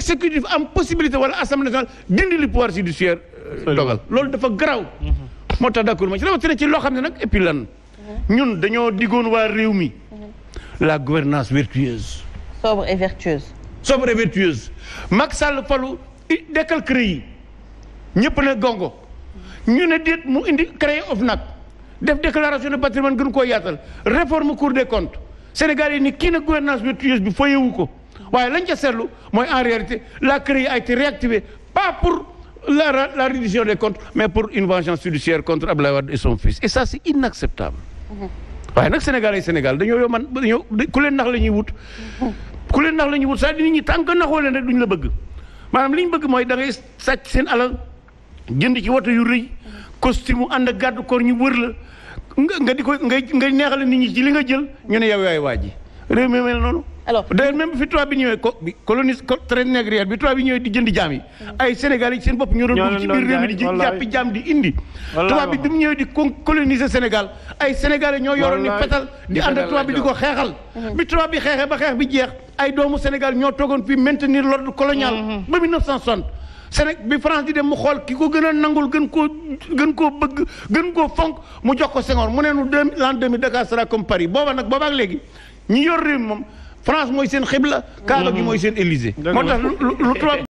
exécutif am possibilité wala assemblée nationale dindi li pouvoir judiciaire euh, dogal loolu dafa garaaw mhm. moo tax d'accord ma ci rawatina ci loo xam ne nag et puis lan mhm. ñun dañoo diggoon waa réew mi mhm. la gouvernance vertueuse sobre et vertueuse sobre et vertueuse Macky Sall falu dekkal CREI yi ñëpp ne gongo ñu ne déet mu indi créé OFNAC def déclaration de patrimoine gën koo yaatal réforme cour des comptes Sénégal yi ni kii na gouvernance vertueuse bi foyewu ko waaye lañ ca seetlu mooy en réalité la CREI a été réactivée pas pour la la reddition des comptes mais pour une vengeance judiciaire contre Abdoulaye Wade et son fils et ça c'est inacceptable mm-hmm. waaye nag Sénégal ay Sénégal dañoo yow man dañoo ku leen nax la ñuy wut mm-hmm. ku leen nax la ñuy wut c'est-à-dire nit ñi tant que naxoo leen rek duñ la bëgg maanaam li ñu bëgg mooy da ngay seen alal jënd ci woto yu rëy costume ànd ak gàddu koor ñu wër la nga di ko ngay ngay neexale nit ñi ci li nga jël ñu ne yow yaay waa ji réew mi mel noonu. alors d'ailleurs même fi tubaab bi ñëwee co colonie traite négrière bi tubaab bi ñëwee di jënd jaam yi. Hmm. ay Sénégal yi seen bopp ñoo doon dugg réew mi di jàppi jaam di indi. tubaab bi bi mu di ñoo yoroon ni petal bi di ko xeexal. Hmm. bi tubaab bi xeexee ba xeex bi jeex ay doomu Sénégal ñoo toogoon fii maintenir l'ordre colonial. Hmm. ba 1960. Sénégal bi France di dem mu xool ki ko gën a nangul gën koo gën koo bëgg gën koo fonk mu jox ko Senghor mu ne nu deux l'an 2000 Dakar sera comme Paris booba nag boobaa léegi ñi yor réew moom France mooy seen xibla. Kaaba gi mooy seen Élysée. moo tax lu lu